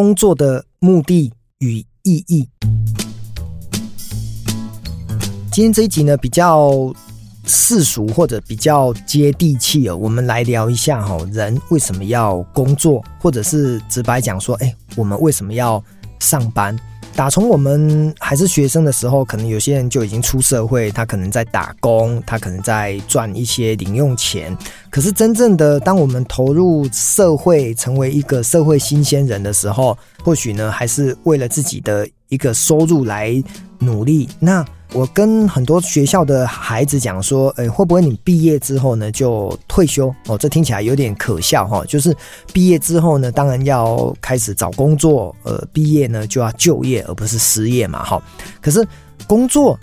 工作的目的與意義。今天這一集呢，比較世俗或者比較接地氣哦。我們來聊一下哈，人為什麼要工作，或者是直白講說，哎，我們為什麼要上班？打從我們還是學生的時候，可能有些人就已經出社會，他可能在打工，他可能在賺一些零用錢。可是真正的，當我們投入社會，成為一個社會新鮮人的時候，或許呢，還是為了自己的一個收入來努力。那。我跟很多學校的孩子講說，誒、欸，會不會你畢業之後呢，就退休？哦，這聽起來有點可笑哈、哦。就是畢業之後呢，當然要開始找工作。呃，畢業呢，就要就業，而不是失業嘛。哈、哦，可是工作。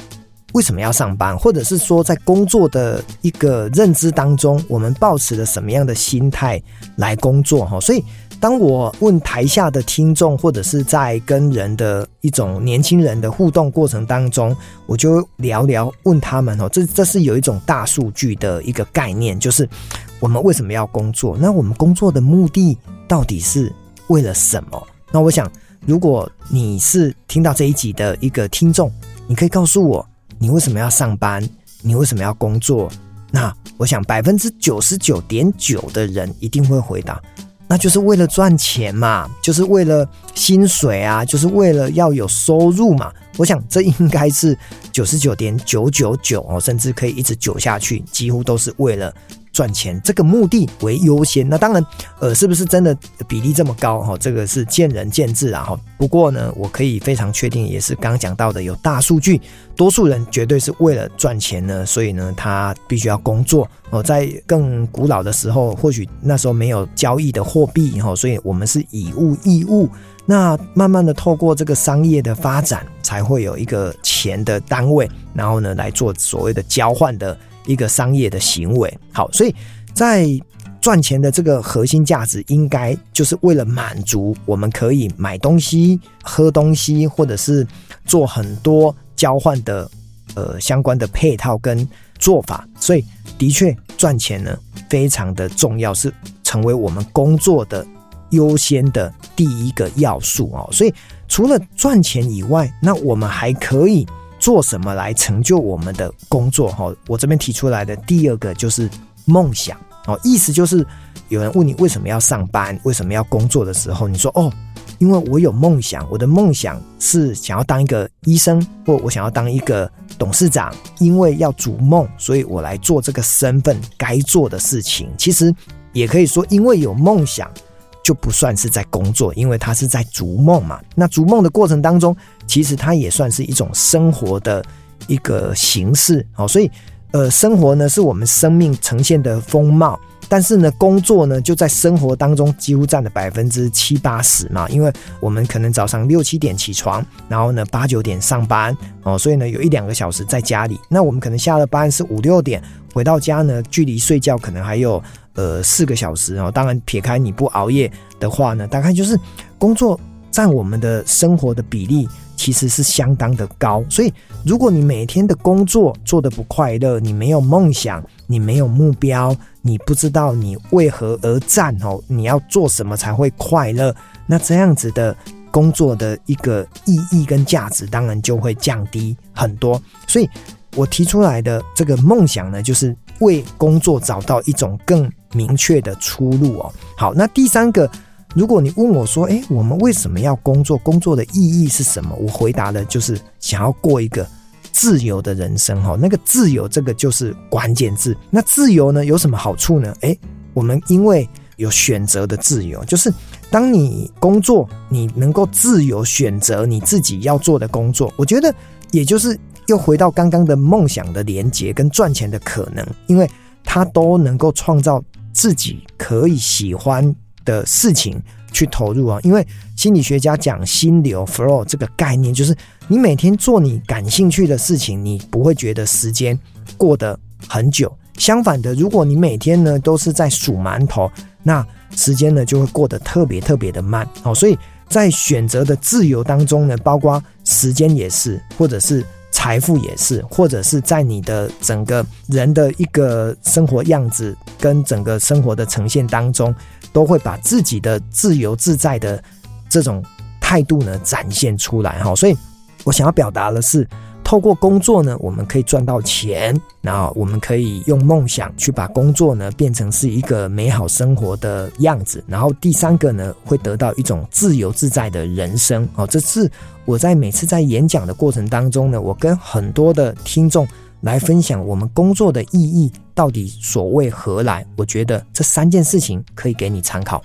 為什麼要上班，或者是說在工作的一個認知當中，我們保持抱持了什麼樣的心態來工作？哈，所以當我問台下的聽眾，或者是在跟人的一種年輕人的互動過程當中，我就聊聊問他們哦，這這是有一種大數據的一個概念，就是我們為什麼要工作？那我們工作的目的到底是為了什麼？那我想，如果你是聽到這一集的一個聽眾，你可以告訴我。你為什麼要上班？你為什麼要工作？那我想百分之九十九點九的人一定會回答，那就是為了賺錢嘛，就是為了薪水啊，就是為了要有收入嘛。我想這應該是九十九點九九九哦，甚至可以一直九下去，幾乎都是為了。賺錢這個目的為優先，那當然，呃，是不是真的比例這麼高哈，哦？這個是見仁見智啊哈，哦。不過呢，我可以非常確定，也是剛剛講到的，有大數據，多數人絕對是為了賺錢呢，所以呢，他必須要工作哦。在更古老的時候，或許那時候沒有交易的貨幣哈，哦，所以我們是以物易物。那慢慢的透過這個商業的發展，才會有一個錢的單位，然後呢，來做所謂的交換的一個商業的行為。好，所以在賺錢的這個核心價值，應該就是為了滿足我們可以買東西、喝東西，或者是做很多交換的呃相關的配套跟做法。所以的確賺錢呢非常的重要，是成為我們工作的優先的第一個要素哦，所以除了賺錢以外，那我們還可以做什麼來成就我們的工作？哈，我這邊提出來的第二個就是夢想哦，意思就是有人問你為什麼要上班，為什麼要工作的時候，你說哦，因為我有夢想，我的夢想是想要當一個醫生，或我想要當一個董事長，因為要逐夢，所以我來做這個身份該做的事情。其實也可以說，因為有夢想。就不算是在工作，因為他是在逐夢嘛。那逐夢的過程當中，其實它也算是一種生活的一個形式，好，所以，呃，生活呢，是我們生命呈現的風貌。但是呢，工作呢就在生活當中幾乎佔了百分之七八十嘛，因為我們可能早上六七點起床，然後呢八九點上班哦，所以呢有一兩個小時在家裡。那我們可能下了班是五六點回到家呢，距離睡覺可能還有呃四個小時哦。當然撇開你不熬夜的話呢，大概就是工作佔我們的生活的比例，其實是相當的高，所以如果你每天的工作做得不快樂，你沒有夢想，你沒有目標，你不知道你為何而戰哦，你要做什麼才會快樂？那這樣子的工作的一個意義跟價值，當然就會降低很多。所以我提出來的這個夢想呢，就是為工作找到一種更明確的出路哦。好，那第三個。如果你問我說：“哎、欸，我們為什麼要工作？工作的意義是什麼？”我回答的就是想要過一個自由的人生。哈，那個自由，這個就是關鍵字。那自由呢，有什麼好處呢？哎、欸，我們因為有選擇的自由，就是當你工作，你能夠自由選擇你自己要做的工作。我覺得，也就是又回到剛剛的夢想的連接跟賺錢的可能，因為他都能夠創造自己可以喜歡的事情。去投入啊，因為心理學家講心流 flow 這個概念，就是你每天做你感興趣的事情，你不會覺得時間過得很久。相反的，如果你每天呢都是在數饅頭，那時間呢就會過得特別特別的慢哦。所以在選擇的自由當中呢，包括時間也是，或者是。財富也是，或者是在你的整個人的一個生活樣子跟整個生活的呈現當中，都會把自己的自由自在的這種態度呢展現出來哈。所以我想要表達的是。透過工作呢，我們可以賺到錢，然後我們可以用夢想去把工作呢變成是一個美好生活的樣子，然後第三個呢會得到一種自由自在的人生。哦，這是我在每次在演講的過程當中呢，我跟很多的聽眾來分享我們工作的意義到底所為何來。我覺得這三件事情可以給你參考。